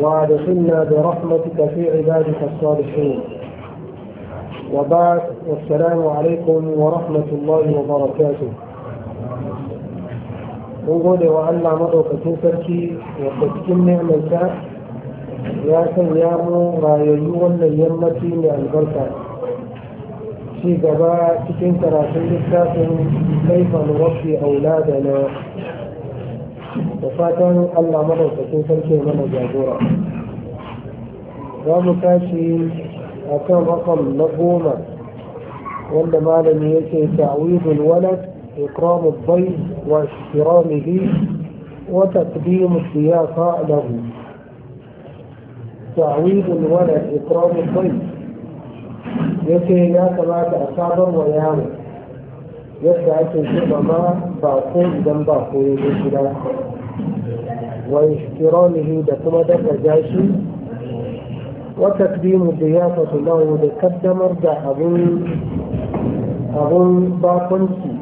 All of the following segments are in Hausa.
وادخلنا برحمتك في عبادك الصالحين وبعد والسلام عليكم ورحمة الله وبركاته وقول وعلى مدو كتوكك وكتكم نعمة يا سيام ما يجوغن اليمة من البركة في جبا تكين تراسلتك كيف نربي أولادنا da fatan مره تكون sarki mana jagora za كاشي tashi رقم kan rakam ما لم يكن تعويض الولد إكرام الضيف واحترامه وتقديم الضيافة له تعويض الولد إكرام الضيف يكي لا تبعت أصابا ويعمل يبدأ أن تنشب ما باقون دم باقون ne da kuma gashi? واشترامه دكما دكا جاشي وتقديم الضيافة له لقدم ارجع أظن أظن باطنتي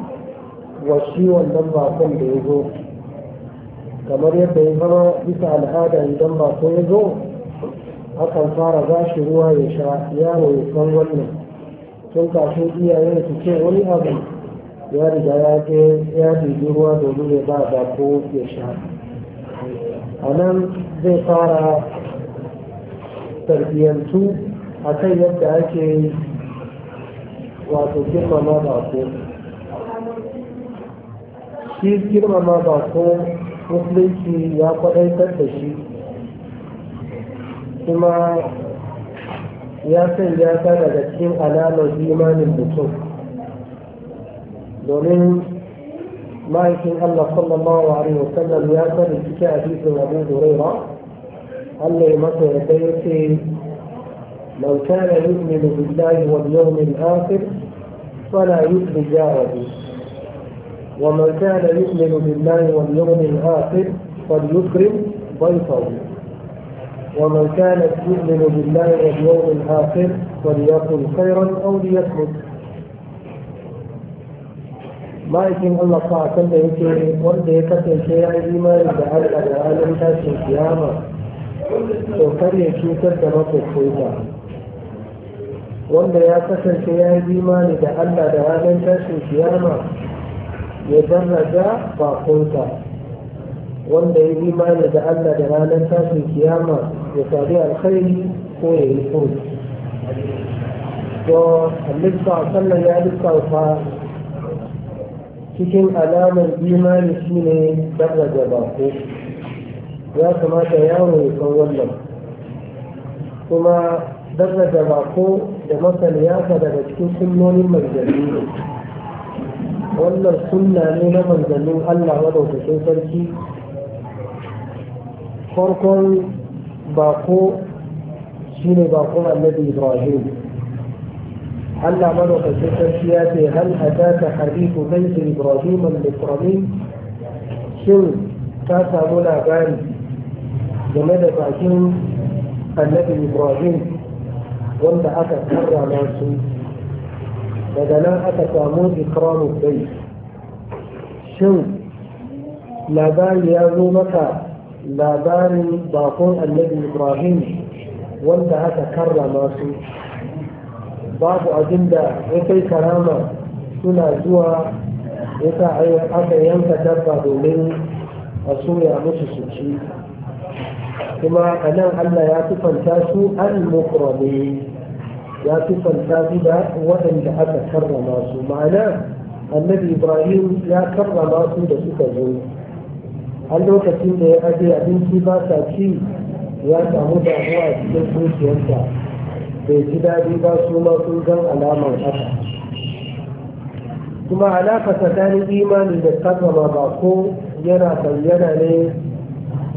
وشي ولم باطن بيزو كما يبقى بسع العادة إذا باطن يزو akan fara bashi ruwa ya sha yaro ya san wannan tun kafin iyaye su ce wani abu ya riga ya je ruwa domin ya ba bako ya sha a nan zai fara tarbiyyantu a kan yadda ake wato girmama bako shi girmama bako musulunci ya kwadaitar da shi kuma ya sanya ta daga cikin alamar imanin mutum domin ما يمكن أن صلى الله عليه وسلم ياتي في حديث ابي هريرة أن مثل بيته من كان يؤمن بالله واليوم الآخر فلا يؤذي جاره ومن كان يؤمن بالله واليوم الآخر فليكرم ضيفه ومن كانت يؤمن بالله واليوم الآخر فليكن خيرا أو ليصمت ma'aikin Allah fa a kan da yake wanda ya kasance ya yi imani da Allah da ranar tashin kiyama to kar ya cutar da makwabcinsa wanda ya kasance ya yi imani da Allah da ranar tashin kiyama ya daraja bakonsa wanda ya yi imani da Allah da ranar tashin kiyama ya sadu alkhairi ko ya yi furu to Allah sallallahu ya lissafa cikin alamar imani shine daraja bako ya kamata yawon ya san wannan kuma daraja bako da masaniyata daga cikin sunnonin manzanni ne wannan sunna ne na manzannin allah madaukakin sarki farkon bako shine bakon annabi ibrahim Allah madaukakin sarki ya ce hal ataka hadithu baiti ibrahim al-mukramin shin ta samu labari game da bakin annabi ibrahim wanda aka karrama masu? daga nan aka samu ikramu bai shin labari ya zo maka labarin bakon annabi ibrahim wanda aka karra masu? babu abinda ya kai karama suna zuwa ya sa aka yanka dabba domin a soya musu su ci kuma a nan allah ya tufanta su al-mukrami ya tufanta su da waɗanda aka karrama su ma'ana annabi ibrahim ya karrama su da suka zo a lokacin da ya aje abinci ba sa ci ya samu damuwa cikin zuciyarsa bai ji daɗi ba su ma sun gan alamar haka kuma alaka tsakanin imani da kasama ba ko yana bayyana ne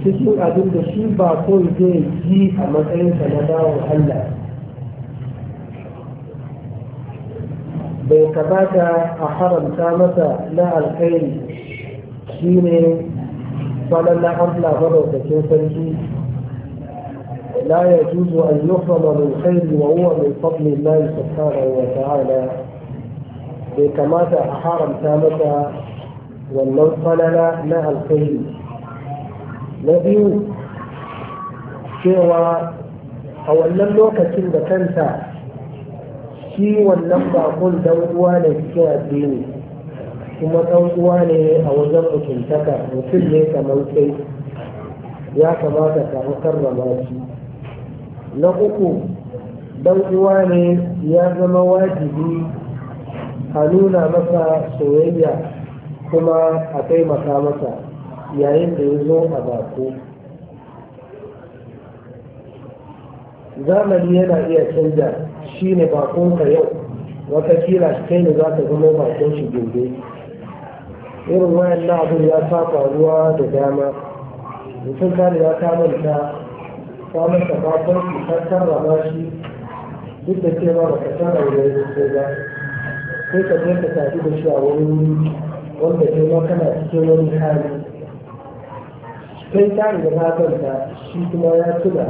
cikin abin da shi ba ko zai ji a matsayinsa na dawon Allah bai kamata a haramta masa na alkhairi shine falon na Allah madaukakin sarki لا يجوز أن يحرم من خير وهو من فضل الله سبحانه وتعالى كما حرم ثابتا ولو قلل لا الخير نبي شوى أو أن لم يكن بكنسا شي ولم أقول دوان الكاتبين ثم دوان أو لم أكن تكا وكل ليس ملكي يا كما تكا ماشي na uku dan uwa ne ya zama wajibi a nuna masa soyayya kuma a taimaka masa yayin da ya zo a bako zamani yana iya canja shi ne bakonka yau watakila kai ne za ka zama bakon shi gobe irin wayan na abin ya saba ruwa da dama mutum kare ya kamanta ta masa fatan ki ta karrama shi duk da cewa ba ka tara da ya sosai ba sai ka je ka tafi da shi a wani wanda ke ma kana cikin wani hali sai ta riga ta ganta shi kuma ya tuna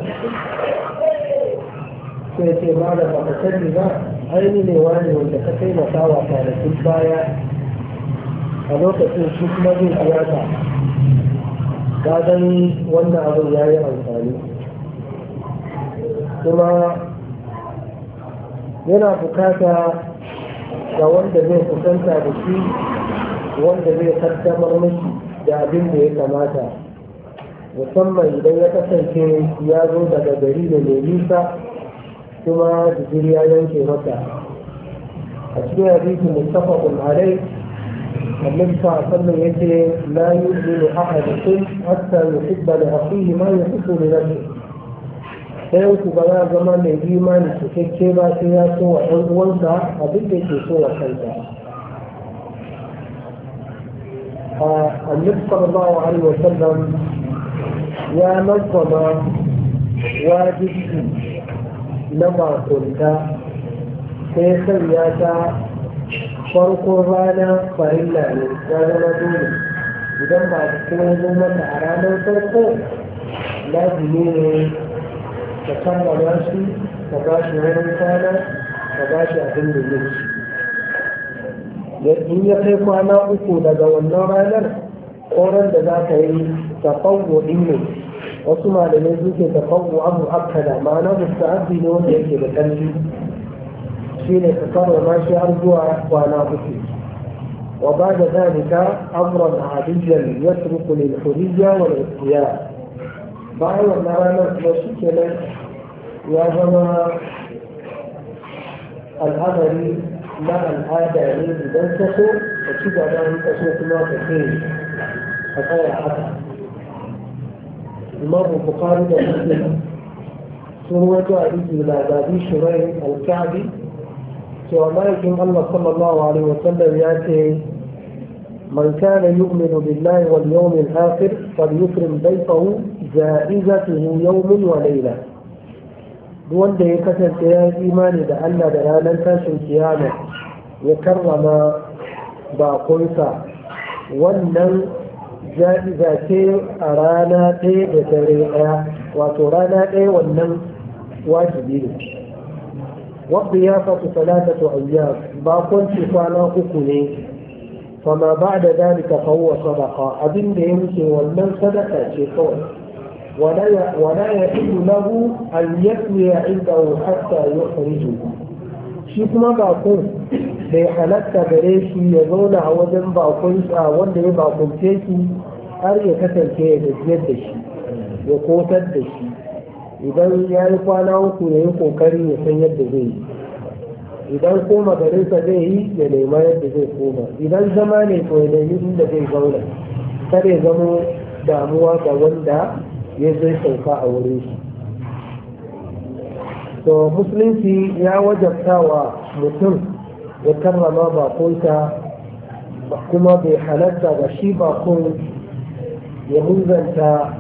sai ce ba da ba ka sani ba aini ne wani wanda ka taimaka wa kwanakin baya a lokacin shi kuma zai biya ka ka gani wannan abin ya yi amfani kuma yana bukata ga wanda zai kusanta da shi wanda zai kaddamar mashi da abin da ya kamata musamman idan ya kasance ya zo daga gari da mai nisa kuma jikiri ya yanke mata. a cikin hadisi mustafakun alai النبي صلى الله عليه وسلم يقول لا يؤمن احدكم حتى يحب ma ما يحب لنفسه ɗayan ku ba za zama mai su cikakke ba sai ya so wa ɗan uwansa abin da ke so wa a annabi sallallahu alaihi wa sallam ya nazzama wajibi na makunta sai sanya ta farkon rana farilla ne ya zama dole idan ba cikin zo mata a ranar farko lazimi ne ka kammala su ka ba shi ranar kwana ka ba shi abin da ya da in ya kai kwana uku daga wannan ranar koren da za ka yi tafawwa'in ne wasu malamai suke tafawwa'an da ma'ana abu ne wanda yake da ƙarfi shi ne ka kammala shi har zuwa kwana uku وبعد ذلك أمرا عاديا يترك للحرية والاختيار bayan wannan ranar kuma shi ke nan ya zama al'amari na al'ada ne idan ka so ka ci gaba in ka so kuma ka ce ka tsaya haka imamu bukari da muslim sun wato a rigi labari shirai alkabi cewa ma'aikin allah sallallahu alaihi wasallam ya ce man kana yu'minu billahi wal yawmil akhir فليكرم ضيفه جائزته يوم وليلة wanda ya kasance ya yi imani da Allah da ranar tashin kiyama ya karrama bakonsa wannan ja'iza ce a rana ɗaya da dare ɗaya wato rana ɗaya wannan wajibi ne wadda ya fasu talatatu ayyam bakon kwana uku ne فما بعد ذلك فهو صدقة أبن يمشي ومن صدقة شيء ولا ولا يحل له أن يثني عنده حتى يخرجه shi kuma bakon bai halatta gare shi ya zauna a wajen bakonsa wanda ya bakunce shi har ya kasance ya gajiyar da ya kotar da shi idan ya yi kwana uku ya yi kokari ya san yadda zai yi idan koma garinsa zai yi ya nema yadda zai koma idan zama ne ko ya yi inda zai zauna kare ya zamo damuwa ga wanda ya zai sauka a wurin shi to musulunci ya wajabta wa mutum ya karrama bakonta kuma bai halatta ga shi bakon ya muzanta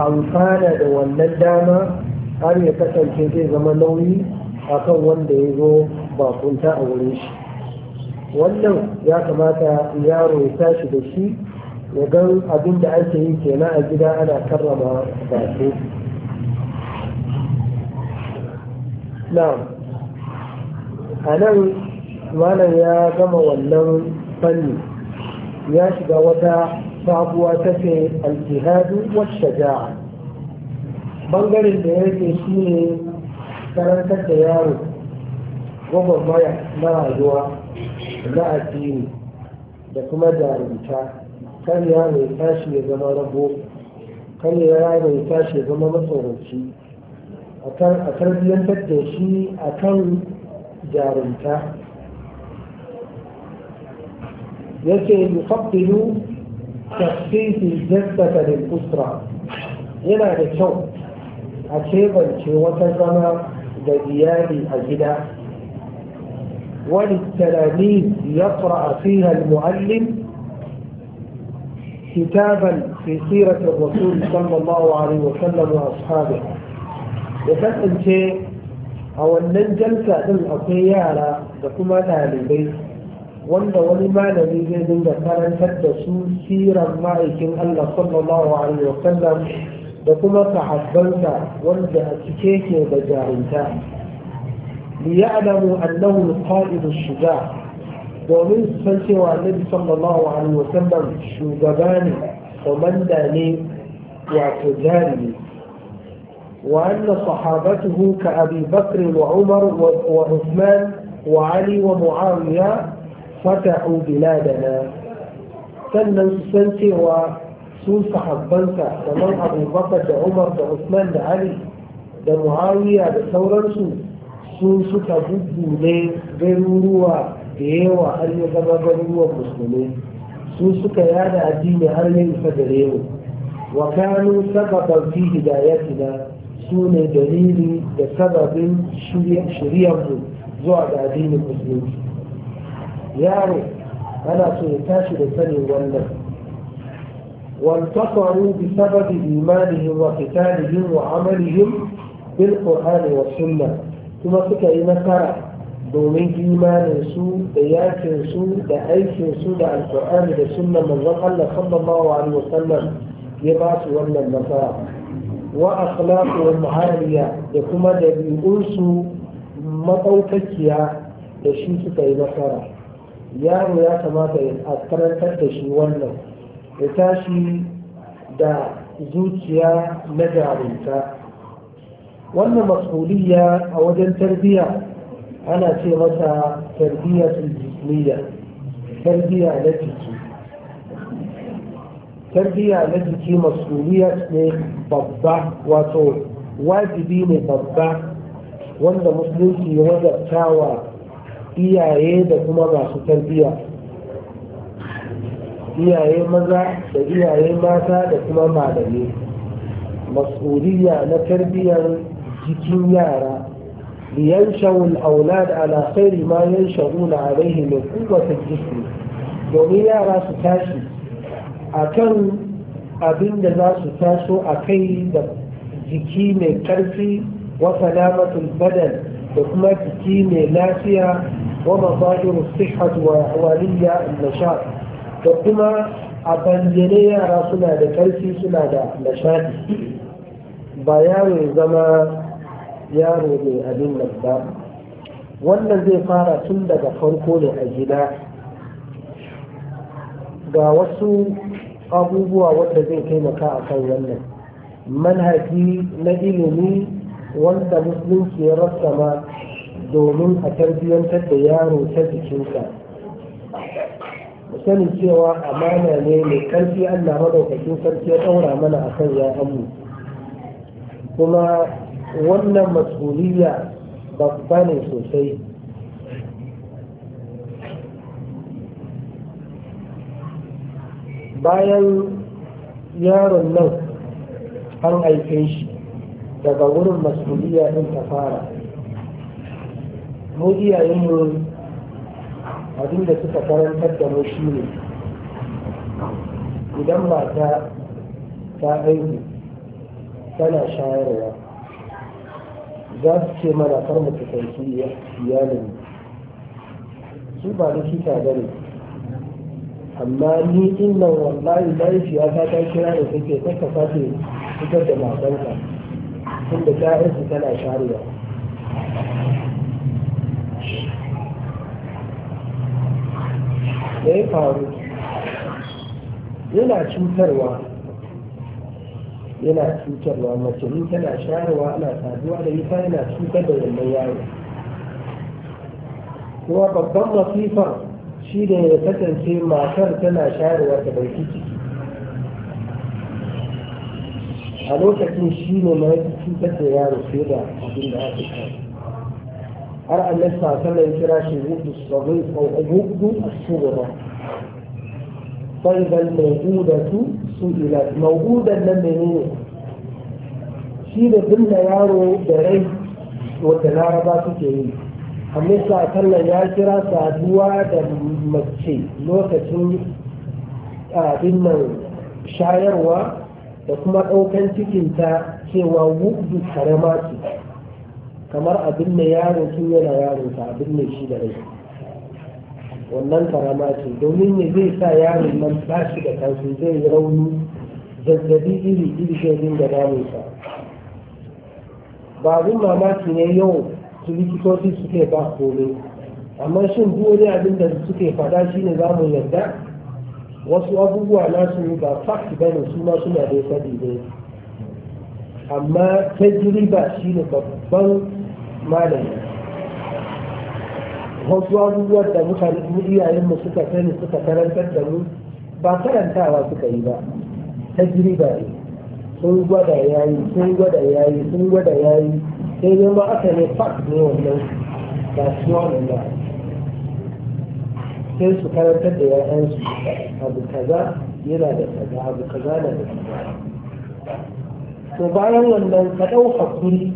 amfana da wannan dama har ya kasance zai zama nauyi akan wanda ya zo bakunta a wurin shi wannan ya kamata yaro ya tashi da shi ya gan abin da ake yi kenan a gida ana karrama bako na'am a nan malam ya gama wannan fanni ya shiga wata sabuwa ta ce aljihadu wacce ja'a bangaren da yake shi ne karantar da yaro maya na rayuwa na addini da kuma jarumta kan yaro ya tashi ya zama rabo kan yaro ya tashi ya zama matsoranci a tarbiyyantar da shi a kan jarumta yake yufaddilu tafsiri jaddata da usra yana da kyau a cebance wata zama da iyali a gida وللتلاميذ يقرأ فيها المعلم كتابا في سيرة الرسول صلى الله عليه وسلم وأصحابه وكان شيء أو أن جلسة للأطيارة لكما تالبي وأن ولما نبي ذي ذي ذكرا تدسوا سيرا معكم الله صلى الله عليه وسلم da kuma sahabbansa wanda a cike ke da jarinta liya'lamu annahu al-qa'id ash-shuja domin san cewa Annabi sallallahu alaihi wa sallam shugaba ne komanda ne wato jari ne wa anna sahabatuhu ka Abi Bakr wa Umar wa Uthman wa Ali wa Muawiya fatahu biladana sannan san cewa su sahabbansa kamar abubakar da umar da usman da ali da muawiya da sauransu su suka ne garuruwa da yawa har ya zama garuruwan musulmi su suka yada addini har ya isa gare mu wa kanu sababan fi hidayatina su ne dalili da sababin shiryanmu zuwa ga addinin musulunci yaro ana so ya tashi da sanin wannan وانتصروا بسبب إيمانهم وقتالهم وعملهم بالقرآن kuma suka yi masara domin imaninsu da yakinsu da aikinsu da alkur'ani da sunnan manzon Allah sallallahu alaihi wasallam ya ba su wannan nasara wa akhlaqu wal muhariya da kuma dabi'unsu madaukakiya da shi suka yi nasara yaro ya kamata a karantar da shi wannan ya tashi da zuciya na jarumta wannan mas'uliyya a wajen tarbiyya ana ce mata tarbiyyatul jismiyya tarbiyya na jiki tarbiyya na jiki masuliya ne babba wato wajibi ne babba wanda musulunci ya wajabta wa iyaye da kuma masu tarbiyya iyaye maza da iyaye mata da kuma malami. mas'uliyya na tarbiyyar jikin yara liyanshawul al-aulad da khairi ma yanshawuna alaihi min quwwati jismi domin yara su tashi akan abin da za su taso a kai da jiki mai karfi wa salamatul badal da kuma jiki mai lafiya wa mazahiru sihhat wa ahwaliyya an da kuma a banjane yara suna da karfi suna da nishadi ba yaro zama yaro mai abin nan ba wannan zai fara tun daga farko ne a gida ga wasu abubuwa wanda zai taimaka a kan wannan manhaji na ilimi wanda musulunci ya ma domin a tarbiyyantar da yaro ta jikinsa sanin cewa amana ne mai karfi Allah maɗaukacin sarki ya ɗaura mana a kan amu kuma wannan masuliya babba ne sosai bayan yaron nan an aike shi daga wurin masuliya ɗin ta fara mu iyayenmu abin da suka karantar da mu shi ne idan mata ta haihu tana shayarwa za su ce mana kar mu kusanci iyalin su ba likita ba ne amma ni inna wallahi lafiya ta ta kira da take ta kafa ce fitar da matanka tunda ta haihu tana shayarwa da ya faru yana cutarwa yana cutarwa mace ni tana sharewa, ana saduwa da ita yana cutar da wannan yaro kuma babban masifar shi da ya kasance matar tana sharewa ta bai ciki a lokacin shi ne mai cutar da yaro fiye da abin da aka shayarwa har Allah sa sallan kira shi hudu sabai ko hudu asubra fa'idan mawudatu su'ila mawudan nan menene shi da binne yaro da rai wanda laraba suke yi amma sa sallan ya kira saduwa da mace lokacin abin nan shayarwa da kuma ɗaukan cikinta cewa wudu karama ce kamar abin da yaro tun yana yaro ta abin da shi da rai wannan karama ce domin ya zai sa yaro nan ba shi da kansu zai yi rauni zazzabi iri iri da dinga damunsa ba abin mamaki ne yau su likitoci suke ba kome amma shin duk wani abin da suke faɗa shine za mu yarda wasu abubuwa nasu ba fact ne su ma suna da faɗi ne amma tajriba shine babban malam wasu abubuwan da mutane mu suka sani suka karantar da mu ba karantawa suka yi ba ta ba ne sun gwada yayi sun gwada yayi sun gwada yayi sai ne ma aka ne fak ne wannan ba su wannan ba sai su karantar da yayansu abu kaza yana da kaza abu kaza na da kaza to bayan wannan ka ɗau hakuri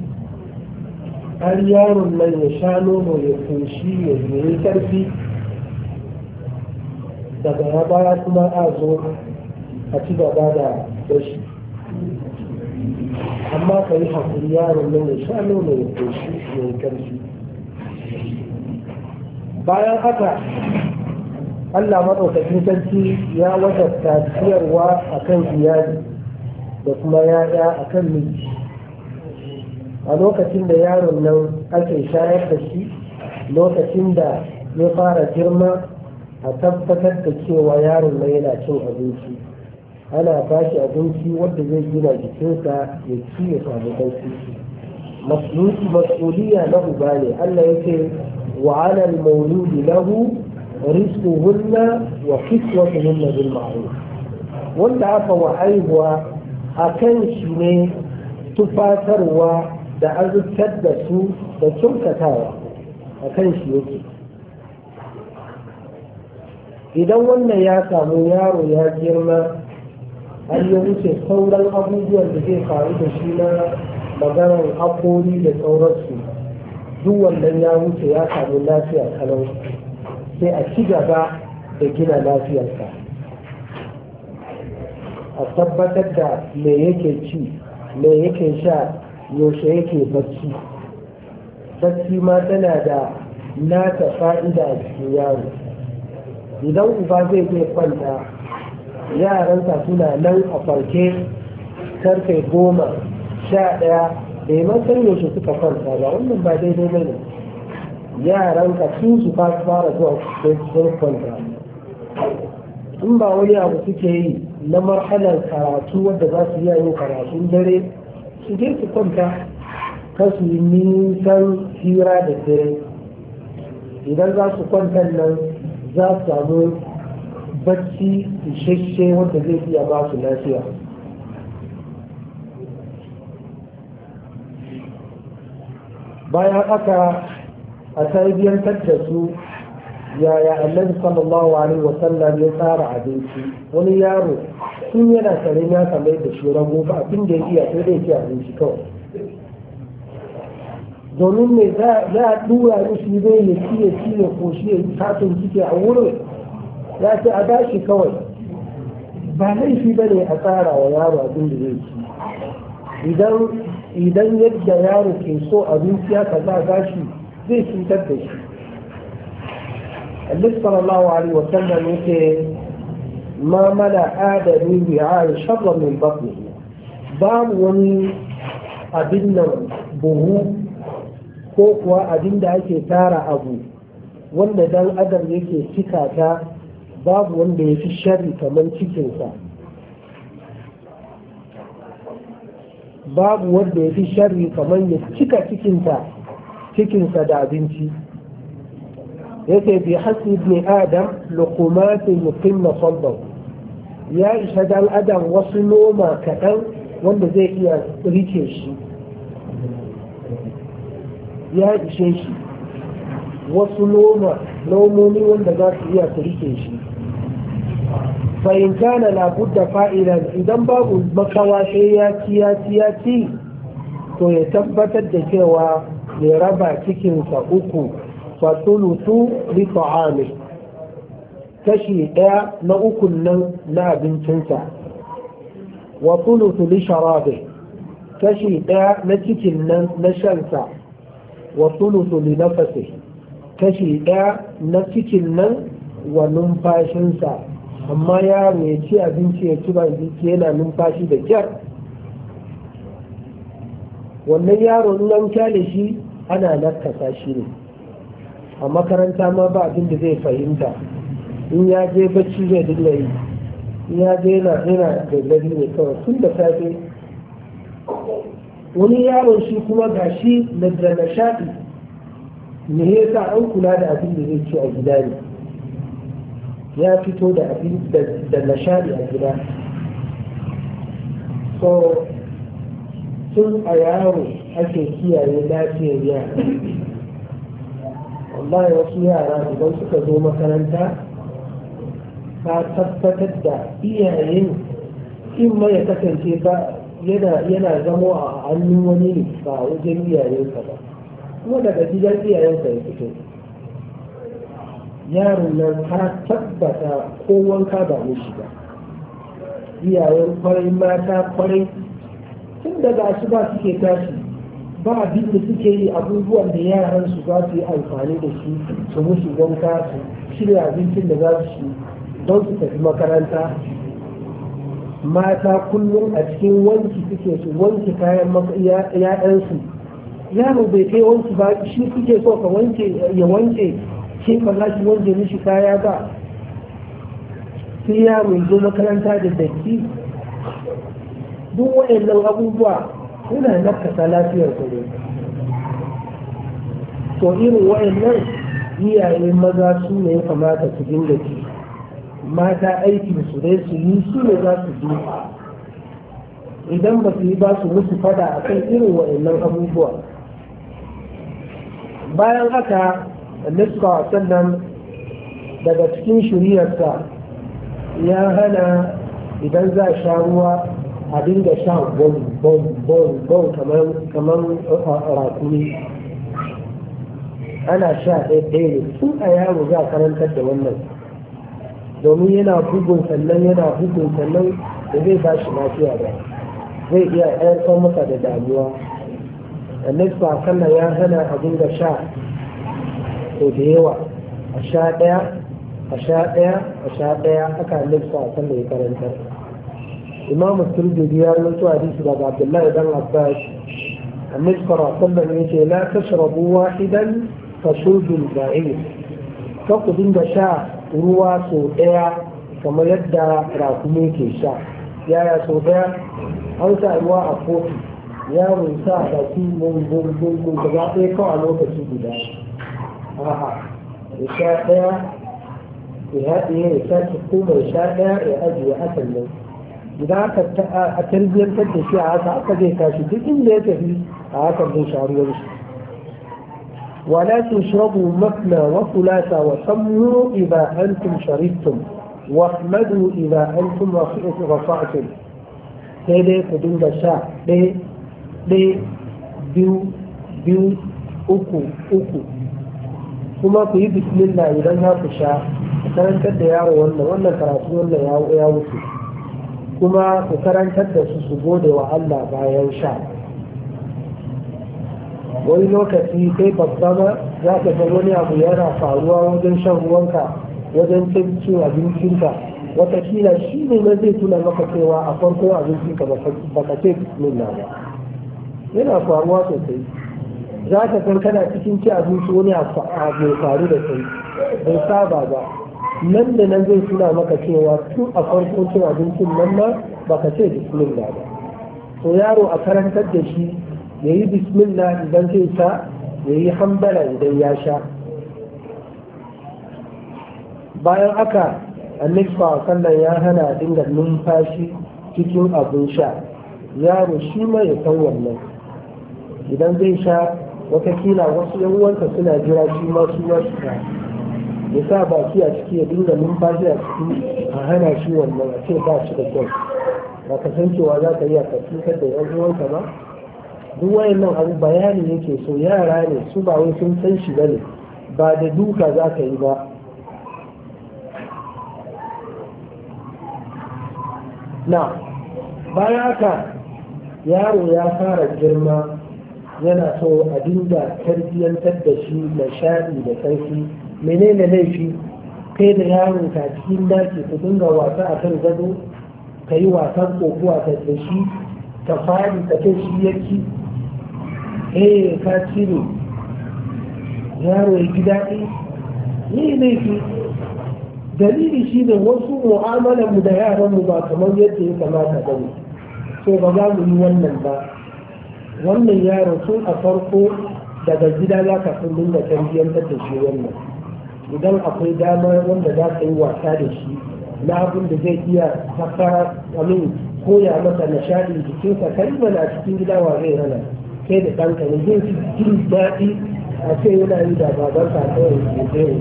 har yaron nan ya sha nono ya kunshi ya yi karfi daga ya baya kuma a zo a ci gaba da dashi amma ka yi hakuri yaron nan ya sha nono ya kunshi ya yi karfi bayan haka Allah maɗaukakin sarki ya wajabta ciyarwa a kan iyali da kuma ya'ya a kan miji a lokacin da yaron nan ake shayar da shi lokacin da ya fara girma a tabbatar da cewa yaron nan yana cin abinci ana ba shi abinci wanda zai gina jikinsa ya ci ya samu ƙarfi mas'uliya na uba ne Allah ya ce wa alal mauludi lahu rizquhunna wa kiswatuhunna bil ma'ruf wanda aka wa haihuwa akan shi ne tufatarwa da azurtar da su da kyautatawa a kan shi yake idan wannan ya samu yaro ya girma an yi wuce sauran abubuwan da zai faru da shi na maganar haƙori da sauransu duk wannan ya wuce ya samu lafiyar kalau sai a ci gaba da gina lafiyarsa a tabbatar da me yake ci me yake sha yaushe yake bacci bacci ma tana da nata fa'ida a cikin yaro idan uba zai je kwanta yaransa suna nan a farke karfe goma sha ɗaya bai ma san yaushe suka kwanta ba wannan ba daidai ba ne yaranka su su fara zuwa sun kwanta in ba wani abu suke yi na marhalar karatu wadda za su iya yin karatun dare su je su kwanta ka su yi nisan hira da dare idan za su kwanta nan za su samu bacci isasshe wanda zai iya ba su lafiya bayan haka a tarbiyyantar da su yaya annabi sallallahu alaihi wa sallam ya tsara abinci wani yaro tun yana tsare ya same da shi rago ba abin da ya sai dai ke abinci kawai domin me za a dura mishi zai ne shi ya ci ya koshi ya tatun ciki a wurin ya ce a bashi kawai ba laifi ba ne a tsara wa yaro abin da zai ci idan yadda yaro ke so abinci ya kaza gashi zai cutar da shi annabi sallallahu alaihi wa sallam yake ma mala adami bi ayi sharra min batni babu wani abin nan buhu ko kuwa abin da ake tara abu wanda dan adam yake cika babu wanda yafi fi shari kamar ya cika cikinta cikinsa da abinci yake bi hasi ibn adam luqumatin yuqimma sabbahu ya isa dan adam wasu noma kaɗan wanda zai iya rike shi ya ishe shi wasu noma nomomi wanda za su iya su rike shi fa'in kana labudda fa'ilan idan babu makawa sai ya ci ya ci ya ci to ya tabbatar da cewa ya raba cikinsa uku wa sulusu li ta'ami kashi ɗaya na ukun nan na abincinsa wa sulusu li sharabi kashi ɗaya na cikin nan na shansa wa sulusu li nafasi kashi ɗaya na cikin nan wa numfashinsa amma yaro ya ci abinci ya ci ba yana numfashi da kyar wannan yaro nan an kyale shi ana nakasa shi ne a makaranta ma ba abin da zai fahimta in ya je bacci zai dinga yi in ya je yana yana da gari ne kawai tun da safe wani yaron shi kuma gashi na da nishaɗi me yasa an kula da abin da zai ci a gida ne ya fito da abin da nishaɗi a gida so tun a yaro ake kiyaye lafiyar yara wallahi wasu yara idan suka zo makaranta ka tabbatar da iyayen in ma ya kasance ba yana zamo a hannun wani ne ba wajen iyayensa ba kuma daga gidan iyayensa ya fito yaron nan ka tabbata ko wanka ba mishi ba iyayen kwarai mata kwarai tun daga su ba suke tashi ba abin da suke yi abubuwan da yaran su za su yi amfani da shi su musu wanka su shirya abincin da za su shi don su tafi makaranta mata kullum a cikin wanki suke su wanke kayan ya'yansu yaro bai kai wanki ba shi suke so ka wanke ya wanke shi ba za shi wanke mishi kaya ba sai yaro ya zo makaranta da datti duk waɗannan abubuwa suna nakasa lafiyar ku ne to irin wa'annan iyaye maza su ne kamata su dinga ci mata aikin su dai su yi su ne za su ji idan ba su yi ba su musu fada a kan irin wa'annan abubuwa bayan haka nufka sannan daga cikin shiriyarsa ya hana idan za a sha ruwa a dinga sha bon bon bon bon kamar rakuni ana sha ɗaya ne tun a yaro za a karantar da wannan domin yana bugun sannan yana bugun sannan da zai ba shi lafiya ba zai iya ayyukan masa da damuwa annabi ba a ya hana a dinga sha to da yawa a sha ɗaya a sha ɗaya a sha ɗaya haka annabi ba ya karantar إمام الترمذي يروي حديث بعد عبد الله بن عباس النبي صلى الله عليه وسلم يقول لا تشربوا واحدا فشربوا البعير فقد da sha ruwa sau ɗaya kamar yadda rakumi ke sha yaya sau ɗaya an sa ruwa a kofi yaro sa a baki mun gungun gaba ɗaya kawai a lokaci guda a'a ya sha ɗaya ya haɗe ya sake kuma ya sha ɗaya ya ajiye hakan nan idan aka a tarbiyyantar da shi a haka aka zai tashi duk inda ya tafi a haka zai sharuwar shi ولا تشربوا مثنى وثلاث وسموا إذا أنتم شربتم واحمدوا إذا أنتم رفعتم sai dai ku dinga sha ɗaya ɗaya biyu biyu uku uku kuma ku yi bismillah idan za ku sha karantar da yaro wannan wannan karatu wannan ya wuce kuma ku karantar da su su gode wa Allah bayan sha wani lokaci kai babbama za ka ga wani abu yana faruwa wajen shan ruwanka wajen cin abincinka watakila shi ne na zai tuna maka cewa a farko abincinka baka ce na ba yana faruwa sosai za ka san kana cikin ci abinci wani abu faru da kai bai saba ba nan da nan zai suna maka cewa tun a farko cin abincin nan ma baka ce bismillah ba to yaro a karantar da shi ya yi bismillah idan zai sa ya yi hambala idan ya sha bayan aka a sallan ya hana dinga numfashi cikin abin sha yaro shi ma ya san wannan idan zai sha watakila wasu yan uwansa suna jira shi ma su ya sa baki a ciki ya dinga numfashi a ciki a hana shi wannan a ce ba shi da kyau ba ka san cewa za ka yi a ka da yan uwanka ba duk wayannan abu bayani yake so yara ne su ba wai sun san shi bane ba da duka za ka yi ba na bayan haka yaro ya fara girma yana so a dinga tarbiyyantar da shi nishaɗi da ƙarfi menene laifi kai da yaron ka cikin daki ku dinga wasa a kan gado ka yi wasan koko a da shi ka fadi ka kai shi yaki eh ka cire yaro ya ji daɗi ne laifi dalili shi ne wasu mu'amalar da yaranmu ba kamar yadda ya kamata ba ne so ba za mu yi wannan ba wannan yaron tun a farko daga gida za ka sun dinga tarbiyyantar da shi wannan idan akwai damar wanda za ka yi wasa da shi na abin da zai iya haka amin koya masa nishaɗin jikinsa kai mana a cikin gida wa zai rana kai da ɗanka ne zai fi jin daɗi a ce yana yi da babansa a kawai da zai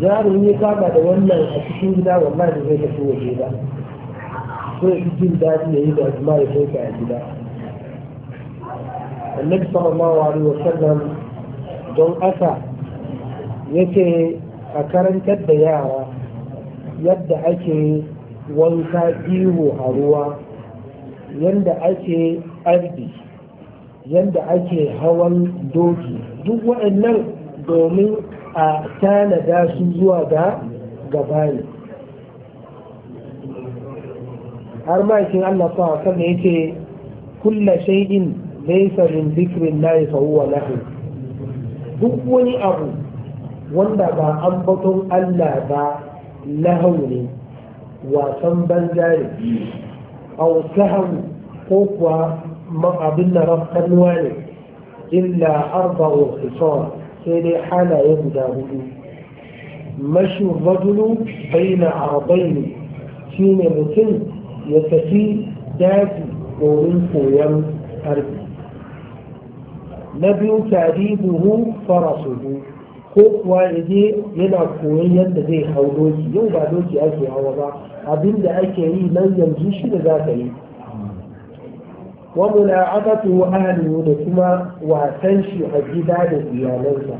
yaron ya kama da wannan a cikin gida wallahi da zai tafi waje ba so fi jin daɗi ya yi da kuma ya kai a gida annabi sallallahu alaihi wasallam don asa yake a karantar da yara yadda ake wanka ihu a ruwa yadda ake arbi, yadda ake hawan doki duk waɗannan domin a tanada su zuwa ga ne. har ma'aikin Allah sa kan da yake kulla shay'in laysa min dhikrin lahi fa huwa lahu duk wani abu wanda ba ambaton Allah ba lahau ne wasan banza ne a wasu ko kuwa abin na rafkanuwa ne illa arba wa sai dai halaye guda hudu mashi rajulu bai na arabai ne shi ne mutum ya tafi daji domin koyon harbi na biyu tarihuhu farasuhu ko kuwa ya je yana koyon yadda zai hau doki yau ba doki ake hawa ba abin da ake yi nan yanzu shi da za ka yi wa mula'aqatu ahlihi da kuma wasan shi a gida da iyalansa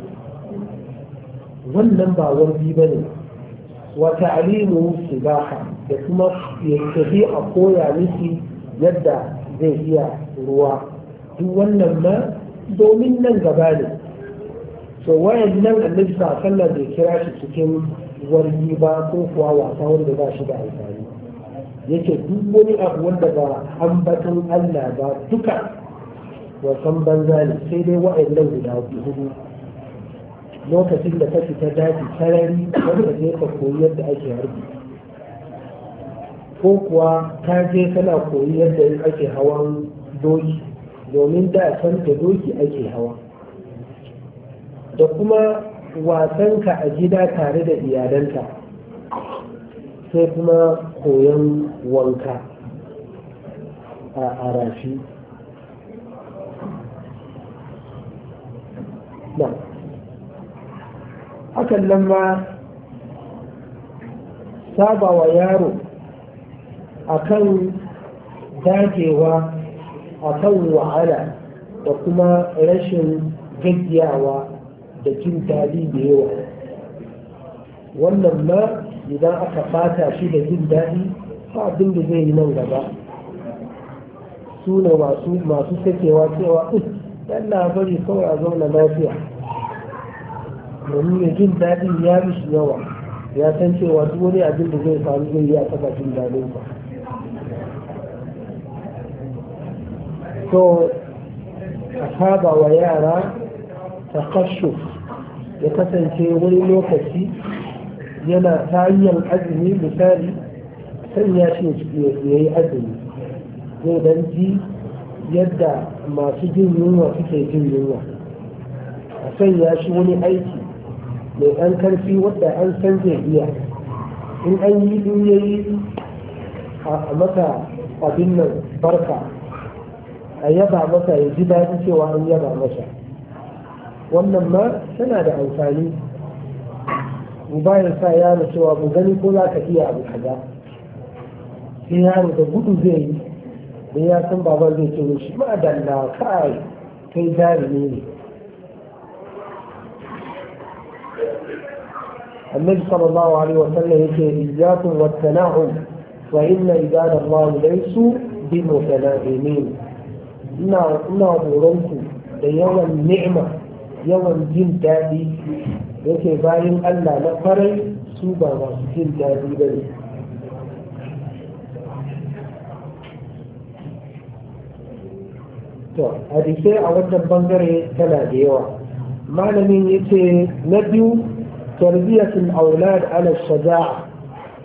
wannan ba warbi ne wa ta'limu sibaha da kuma ya tafi a koya miki yadda zai iya ruwa duk wannan ma domin nan gaba ne to wayan nan annabi sa sallar bai kira shi cikin wargi ba ko kuwa wasa wanda ba shi da alfani yake duk wani abu wanda ba ambaton Allah ba duka wasan banza ne sai dai wayan nan guda hudu lokacin da ka fita daji sarari wanda zai ka koyi yadda ake harbi ko kuwa ka je kana koyi yadda ake hawan doki domin da san da doki ake hawa da kuma wasanka a gida tare da iyalanka sai kuma koyon wanka a arashi na hakan nan ma saba wa yaro akan dagewa akan wahala da kuma rashin gaggiyawa da jin daɗi da yawa wannan ma idan aka fata shi da jin daɗi ba abin da zai yi nan gaba su ne masu sakewa cewa ɗan na bari kawai a zauna lafiya domin jin daɗi ya mishi yawa ya san cewa duk wani abin da zai faru zai yi a jin daɗin ba so a saba wa yara ta kashuf ya kasance wani lokaci yana ta hanyar azumi misali ya shi ya yi azumi zai dan ji yadda masu jin yunwa suke jin yunwa a sanya shi wani aiki mai ɗan karfi wadda an san zai iya in an yi in ya yi a masa abin nan barka a yaba masa ya ji daɗi cewa an yaba masa wannan ma tana da amfani mu bayan sa yaro cewa mu gani ko za ka iya abu kaza sai ya da gudu zai yi da ya san babar zai ce shi ma da na kai kai jarumi ne النبي صلى الله عليه وسلم يقول إياكم والتناعم فإن عباد الله ليسوا بمتناعمين إنا إنا ورمكم da yawan ni'ima yawan jin daɗi yake bayan Allah na farai su ba masu jin daɗi ba ne to hadisai a wannan bangare tana da yawa malamin yace na biyu tarbiyatul aulad ala shaja'a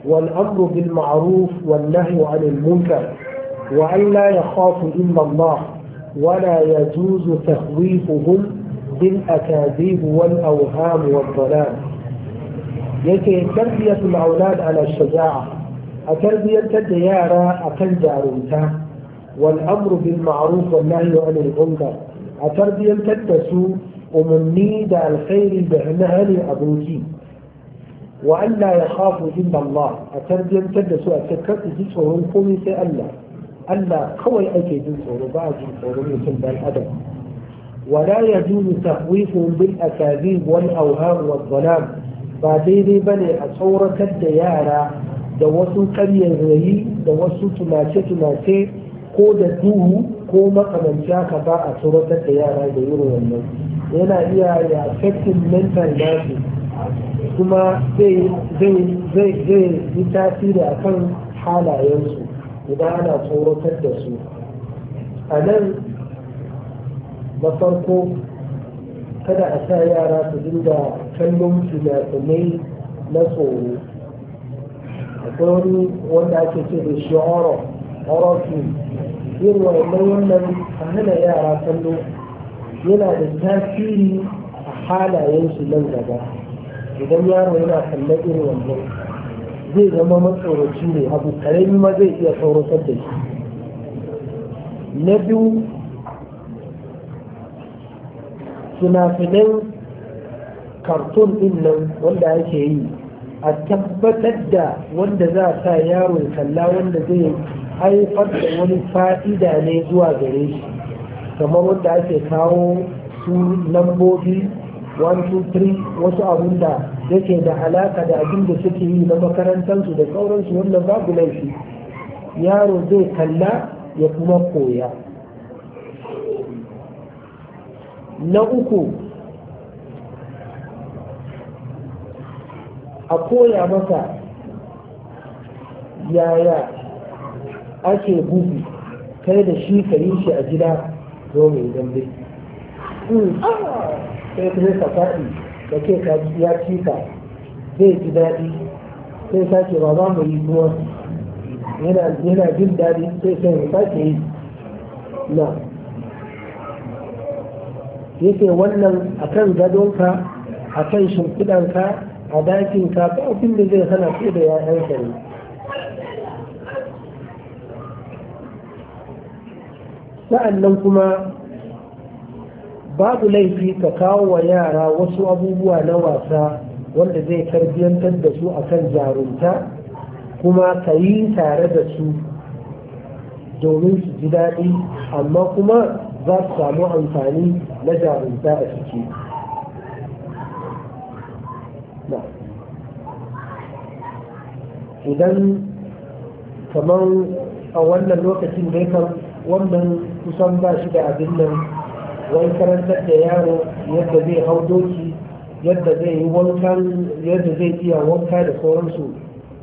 والأمر بالمعروف والنهي عن المنكر وأن لا يخافوا إلا الله ولا يجوز تخويفهم بالأكاذيب والأوهام والضلال yake tarbiyatul aulad ala shaja'a a tarbiyantar da yara akan jarumta wal amru bil ma'ruf wal nahyi anil munkar a tarbiyantar da su umarni da alkhairi da nahyi aboki wa an la yakhafu illa Allah a tarbiyantar da su a cikin ji tsoron komai sai Allah Allah kawai ake jin tsoro ba a jin tsoron mutum dan adam ya ولا يجوز تخويفهم بالأكاذيب والأوهام والظلام بعدين بني a tsoratar da yara da wasu karyayi da wasu tunace-tunace ko da duhu ko makamanci haka ba a tsoratar da yara da irin wannan yana iya ya affecting mental nasu kuma zai yi tasiri a kan halayensu idan ana tsoratar da su a nan na farko kada a sa yara su dinga kallon fina-finai na tsoro akwai wani wanda ake ce da shi oro oro yin wannan wannan a hana yara kallo yana da tasiri a halayen halayensu nan gaba idan yaro yana kallon irin wannan zai zama matsoroci ne abu karami ma zai iya tsoratar da shi na biyu fina-finan kartun din nan wanda ake yi a tabbatar da wanda za a sa yaro kalla wanda zai haifar da wani fa'ida ne zuwa gare shi kamar wanda ake kawo su lambobi 123 wasu abun da yake da alaka da abin da suke yi na makarantarsu da sauransu wannan babu laifi yaro zai kalla ya kuma koya na uku a koya masa yaya ake gudu kai da shi ka yi shi a gida zo mai zambe sai kuma ka faɗi da ke ka ya ci ka zai ji daɗi sai ce ba za mu yi kuma yana jin daɗi sai sai ya sake yi na yake wannan a kan gadonka a kan shimfidanka a dakinka ba abin da zai hana ce da ‘ya'yansa ne sa'annan kuma babu laifi ka kawo wa yara wasu abubuwa na wasa wanda zai tarbiyyantar da su a kan jarumta kuma ka yi tare da su domin su ji daɗi amma kuma za su samu amfani na jarumta a ciki idan kamar a wannan lokacin da ya wannan kusan ba shi da abin nan wani karantar da yaro yadda zai hau doki yadda zai yi wankan yadda zai iya wanka da sauransu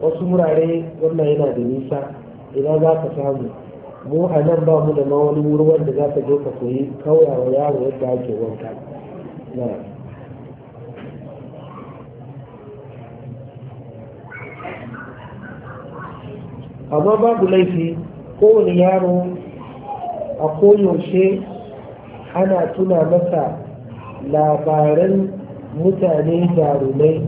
wasu wurare wannan yana da nisa idan za ka samu mu a nan ba mu da ma wani ruwan da za ka je ka koyi kawai wa yaro yadda ake wanka amma babu laifi kowane yaro a koyaushe ana tuna masa labaran mutane jarumai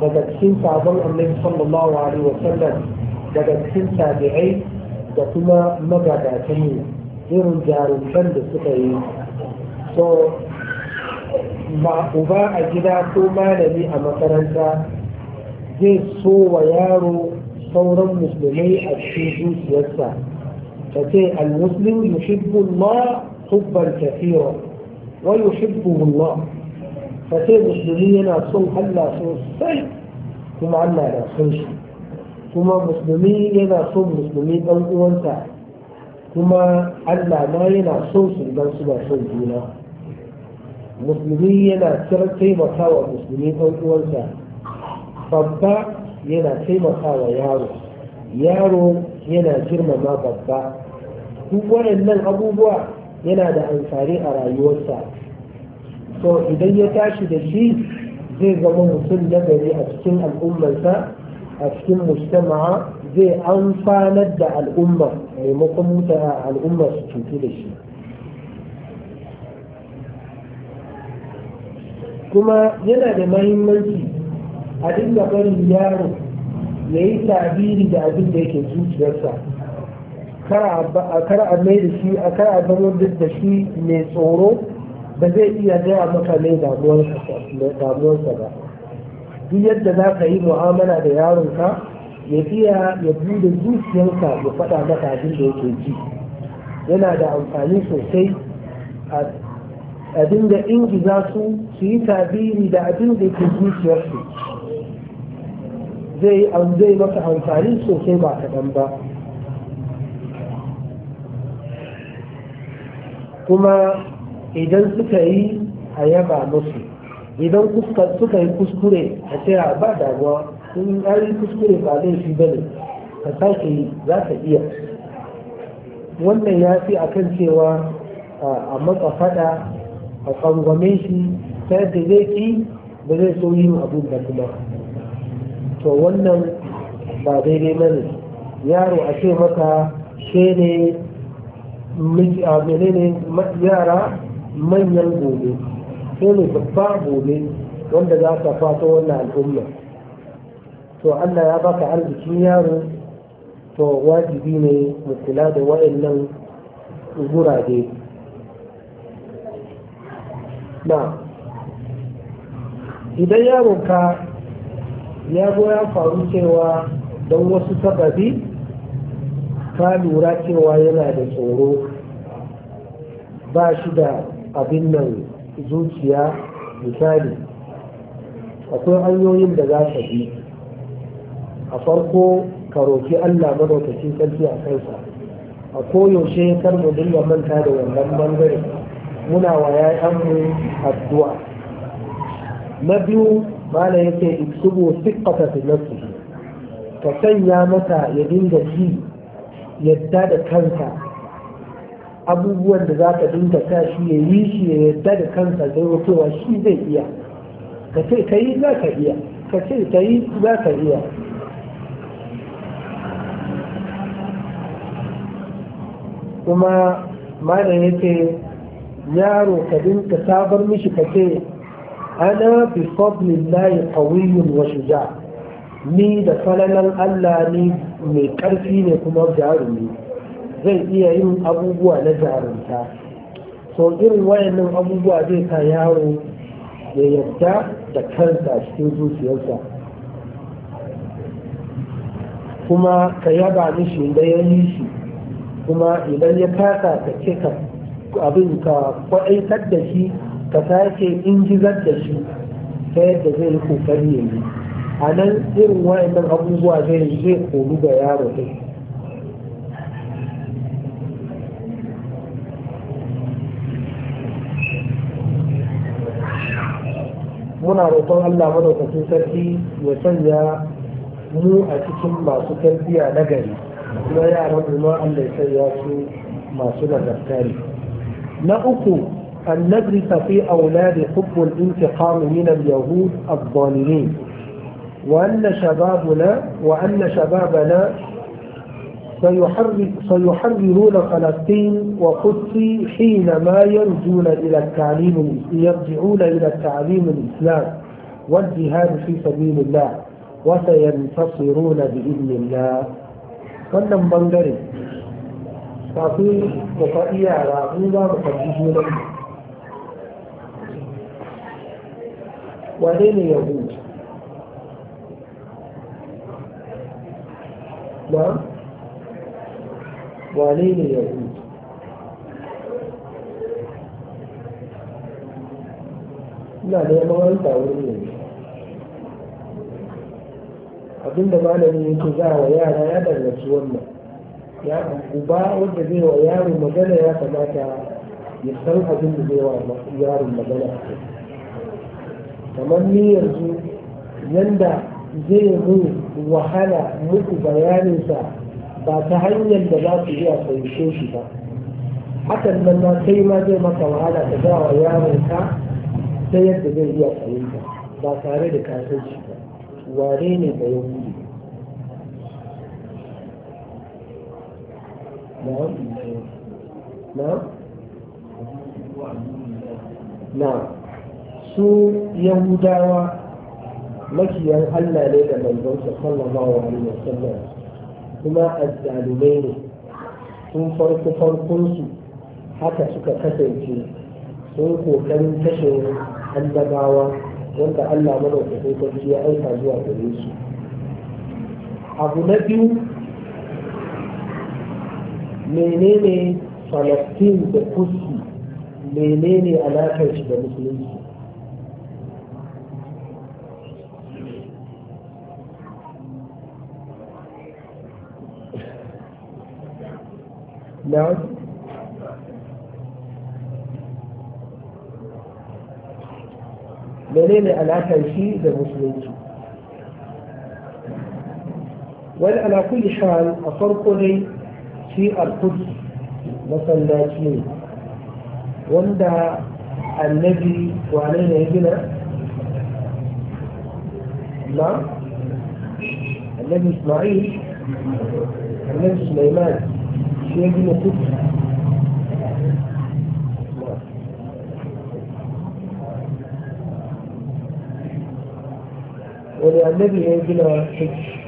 daga cikin sabon annabi sallallahu alaihi wasallam daga cikin tabi'ai da kuma magadata ne irin jarumtan da suka yi so ba uba a gida ko malami a makaranta zai so wa yaro sauran musulmai a cikin zuciyarsa ta ce al-muslim yuhibbu Allah hubban kathira wa yuhibbu Allah ta ce musulmi yana son Allah sosai kuma Allah na son shi kuma musulmi yana son musulmi ɗan uwansa kuma allah ma yana son su idan suna son juna musulmi yana taimaka wa musulmi ɗan uwansa babba yana taimaka wa yaro yaro yana girmama babba duk waɗannan abubuwa yana da amfani a rayuwarsa To idan ya tashi da shi zai zama mutum na gari a cikin al'ummarsa a cikin musamman zai amfanar da al'umma maimakon mutane al'umma su cutu da shi kuma yana da mahimmanci a dinga bari yaro ya yi tabiri da abin da yake zuciyarsa kar a mai da shi a kar a zama da shi mai tsoro ba zai iya gaya maka mai damuwarsa ba duk yadda za ka yi mu'amala da yaronka ya fiya ya bude zuciyarka ya faɗa maka abin da yake ji yana da amfani sosai a da ingiza su su yi tabiri da abin da yake zuciyarsu zai zai maka amfani sosai ba kaɗan ba kuma idan suka yi a yaba musu idan suka yi kuskure a cewa ba damuwa sun yi kuskure ba zai ba ne ka sake yi za ka iya wannan ya fi akan cewa a matsa fada a kangwame shi ta yadda zai ki ba zai so yin abin da kuma to wannan ba daidai ba ne yaro a ce maka she ne yara manyan gobe sai ne babba gobe wanda za ka fato wannan al'umma to Allah ya baka arzikin yaro to wajibi ne mu kula da wa'annan gurade na idan yaronka ya zo ya faru cewa don wasu sababi ka lura cewa yana da tsoro ba shi da abin nan zuciya misali akwai hanyoyin da za ka bi a farko ka roki Allah madaukakin sarki a kansa a koyaushe kar mu dinga manta da wannan bangare muna wa mu addu'a na biyu mana yake iksubu siqata fi nafsihi ka sanya masa ya dinga ji yadda da kansa abubuwan da za ka dinka sa shi ya yi shi ya yadda da kansa zai cewa shi zai iya ka ce ka yi za ka iya ka ce ka yi za ka iya kuma malam ya ce yaro ka dinka sabar mishi ka ce ana bi layi kawiyun wa shuja ni da falalan Allah ne mai karfi ne kuma jarumi zai iya yin abubuwa na jarumta so irin wayannan abubuwa zai sa yaro ya yadda da kansa cikin zuciyarsa kuma ka yaba mishi da ya yi shi kuma idan ya kasa ka ce ka abin ka kwaɗaitar da shi ka sake ingizar da shi ta yadda zai yi kokari ya yi a nan irin wayannan abubuwa zai zai koru ga yaro ɗin muna roƙon Allah madaukakin sarki ya sanya mu a cikin masu tarbiyya na gari kuma yaran mu ma Allah ya sanya su masu nagartari na uku an nadrisa fi auladi hubbul intiqam min al-yahud adh-dhalimin وأن شبابنا وأن شبابنا سيحرر, سيحررون فلسطين وقدس حينما يرجون إلى التعليم يرجعون إلى التعليم الإسلام والجهاد في سبيل الله وسينتصرون بإذن الله wannan bangare kafin da ka iya rabu za mu kalli junan wane ne yahudu na wane ne yahud ina neman wani tawuri ne abinda malami yake za wa yara ya dangaci wannan ya uba wanda zai wa yaro magana ya kamata ya san abin da zai wa yaro magana kamar ni yanzu yanda zai mu wahala muku bayaninsa ba ta hanyar da za su iya fahimce shi ba hakan nan na kai ma zai maka wahala ka ga wa yaron ka ta yadda zai iya fahimta ba tare da kasar shi ba ware ne da yahudi na'am na su yahudawa makiyan allah ne da manzon wa wani wasallam kuma azzalumai ne sun farko farkonsu haka suka kasance sun kokarin tashin annabawa wanda Allah madaukakin sarki ya aika zuwa gare su abu na biyu menene falastin da kusi menene alakar shi da musulunci نعم منين العكا شيء بمسلمش وانا على كل حال اصرقني في القدس مثلا لاتني وندى النبي وعلينا هنا لا نعم. النبي اسماعيل النبي سليمان shi ya gina kuka wani annabi ya gina kuka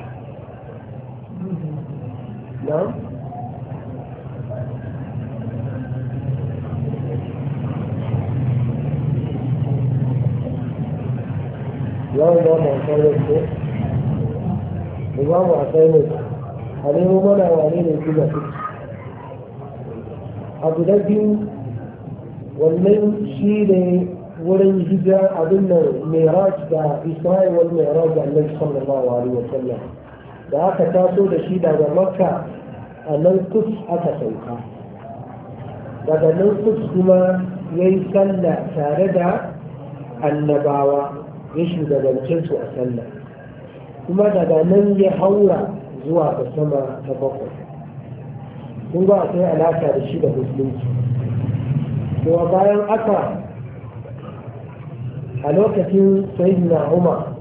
نعم yawon ba mu asarar ko ba mu asarar halimu mana ne gina kuka abu na biyu wannan shi ne wurin hijira abin nan miraj da isra'il wal miraj da annabi sallallahu wa wasallam da aka taso da shi daga makka a nan kus aka sauka daga nan kus kuma ya yi sallah tare da annabawa ya shugabance su a sallah kuma daga nan ya haura zuwa ga sama ta bakwai kun ba akwai alaka da shi da musulunci kuma bayan aka a lokacin na umar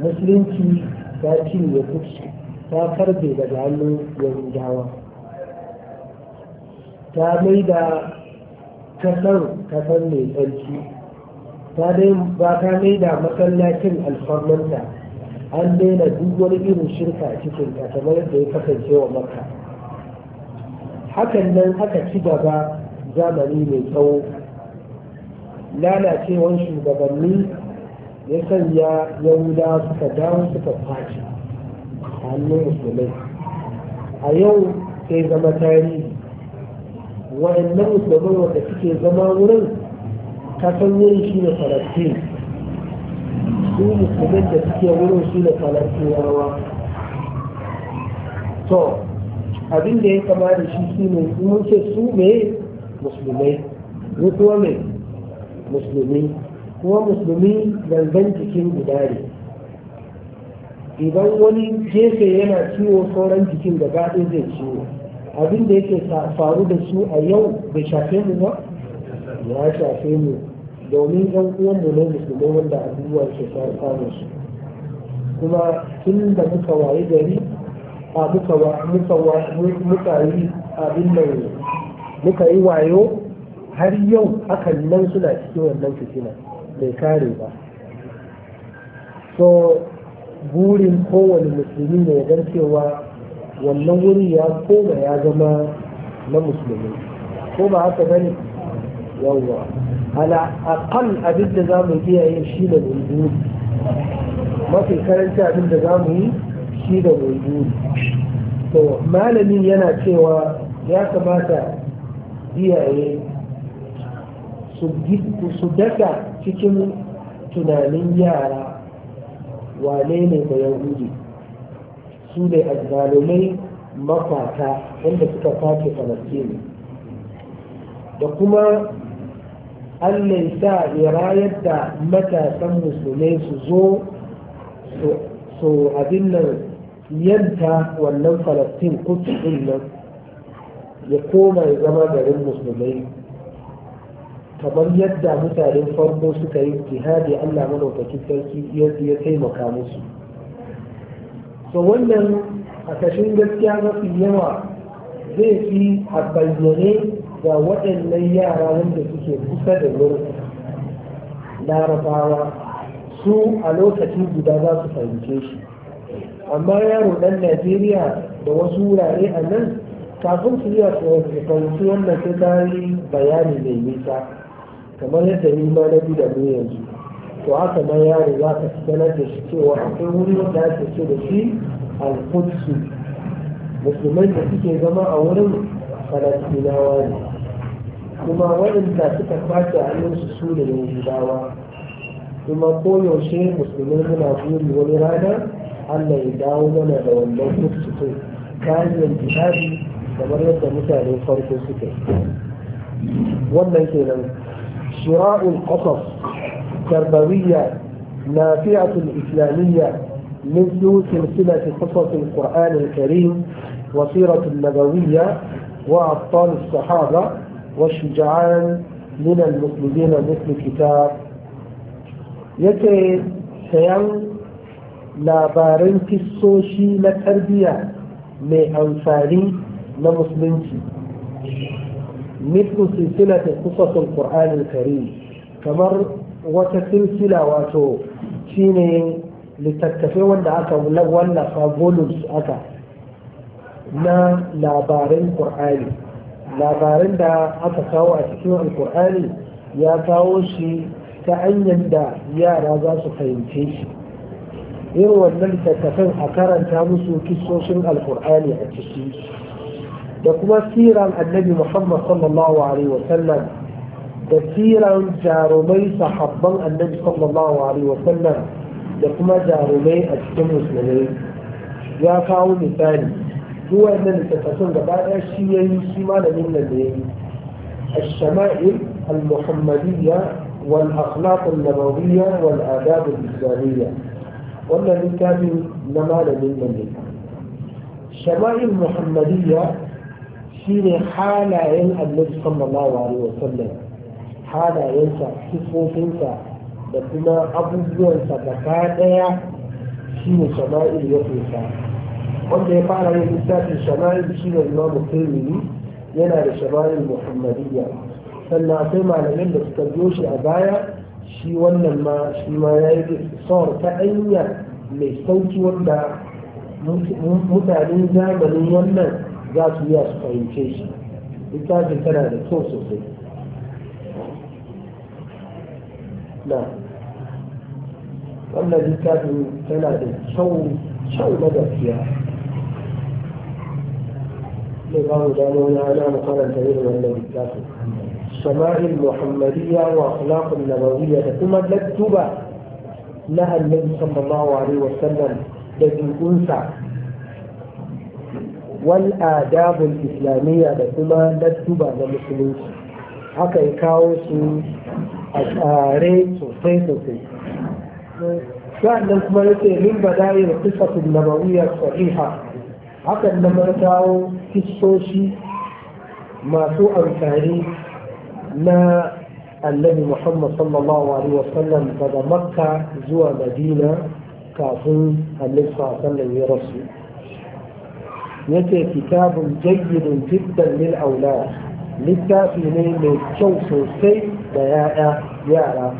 musulunci ta cinye kuci ta karbe daga hannun yahudawa ta mai da kasar kasar mai tsarki ta dai ba ta mai da masallacin alfarmanta an daina duk wani irin shirka cikin ta kamar yadda ya kasance wa makka hakan nan aka ci gaba zamani mai tsawo lalacewar shugabanni ya sanya yahuda suka dawo suka kwace a hannun musulmai a yau sai zama tarihi wa'annan musulmai wanda suke zama wurin kasan yin shi ne falastin su musulmai da suke wurin shi na falastinawa yawa abin da ya kama da shi shi ne mun ce su ne musulmai ne kuwa mai musulmi kuma musulmi gangan jikin guda ne idan wani gefe yana ciwo sauran jikin da gaɗe zai ciwo abin da yake faru da su a yau bai shafe mu ba ya shafe mu domin yan uwan mu ne musulmai wanda abubuwa ke faru su kuma tun da muka waye gari a muka yi abin nan muka yi wayo har yau hakan nan suna cikin wannan fitina bai kare ba so burin kowane musulmi ne ya cewa wannan wuri ya koma ya zama na musulmi ko ba haka bane yawwa ala aqal abin da za mu iya yin shi da mafi karanta abin da za mu yi shi da to malami yana cewa ya kamata iyaye su daka cikin tunanin yara wane ne da yahudi su ne azzalumai mafata wanda suka kwace falastini da kuma allai sa ya rayar da matasan musulmai su zo su abin nan yanta wannan falastin kutu din nan ya koma ya zama garin musulmai kamar yadda mutanen farko suka yi jihadi allah madaukakin sarki ya taimaka musu to wannan a kashin gaskiya mafi yawa zai fi a bayyane ga waɗannan yara wanda suke kusa da wurin larabawa su a lokaci guda za su fahimce shi amma yaro ɗan najeriya da wasu wurare a nan kafin su yi a fahimci wannan sai ta yi bayani mai nisa kamar yadda ni ma na bi da mu yanzu to haka ma yaro za ka sanar da shi cewa akwai wuri wanda ake ce da shi alkutsu musulmai da suke zama a wurin falastinawa ne kuma waɗanda suka kwace a su ne yahudawa kuma koyaushe musulmai suna buri wani rana Allah ya dawo mana da wannan kuskure ta hanyar jihadi kamar yadda mutane farko suka wannan kenan shira'ul qasas tarbawiyya nafi'atul islamiyya مثل سلسلة قصص القرآن الكريم وسيرة النبوية وأبطال الصحابة والشجعان من المسلمين مثل كتاب يتي سيان labaran kistoshi na tarbiyya mai amfani na musulunci nufin silsila ta kusa sun ƙur'anin kare kamar wata silsila wato shine littattafai wanda aka wallafa volumes aka na labarin ƙur'ani labarin da aka kawo a cikin alƙur'ani ya kawo shi ta hanyar da yara za su fahimce shi يروى ذلك كفن أكرن تامسو كسو سن القرآن عتسيس دقما سيرا النبي محمد صلى الله عليه وسلم دسيرا جارمي صحبا النبي صلى الله عليه وسلم دقما جارمي أجتم مسلمين يا كاون الثاني هو أن تتصل دبائع شيئا يسيما لمن الليل الشمائل المحمدية والأخلاق النبوية والآداب الإسلامية wannan littafin na malamin nan ne shama'il muhammadiyya shine halayen annabi sallallahu alaihi wasallam halayensa sifofinsa da kuma abubuwansa gaba daya shine shama'il ya fesa wanda ya fara yin littafin shama'il shine imamu tirmidhi yana da shama'il muhammadiyya sannan akwai malamin da suka biyo shi a baya shi wannan ma shi ma ya yi tsawar ta hanya mai sauki wanda mutanen zamanin wannan za su yi a su fahimce shi littafin tana da kyau sosai na wannan littafin tana da kyau kyau na gaskiya zai ba mu dama na ana makaranta irin wannan littafin الشمائل المحمدية وأخلاق النبوية ثم لتبا لها النبي صلى الله عليه وسلم الذي أنسى والآداب الإسلامية ثم لتبا للمسلمين haka ya kawo su a tsare sosai sosai sa'annan kuma ya ce min bada'ir kisatin nabawiyar sahiha hakan na kawo kisoshi masu amfani ما الذي محمد صلى الله عليه وسلم قد مكة زوى مدينة كافون النبي صلى الله عليه وسلم يرسل يتي كتاب جيد جدا للأولاد للكافرين من شوص السيء ديائع يارا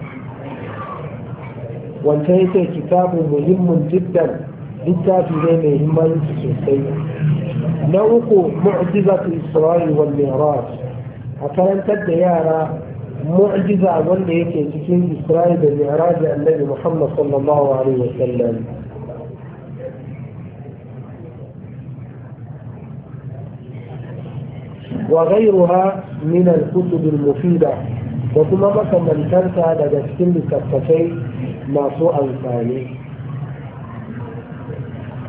وانتهيت كتاب مهم جدا للكافرين من همان السيء نوق معجزة إسرائيل والمعراج a karantar da yara mu'jiza wanda yake cikin isra'i da mi'raji annabi muhammad sallallahu alaihi wa wa ghayruha min al-kutub da kuma makamantarta daga cikin littattafai masu amfani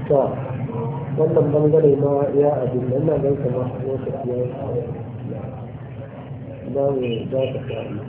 ta wannan bangare ma ya abin nan ga kuma wata za mu dakata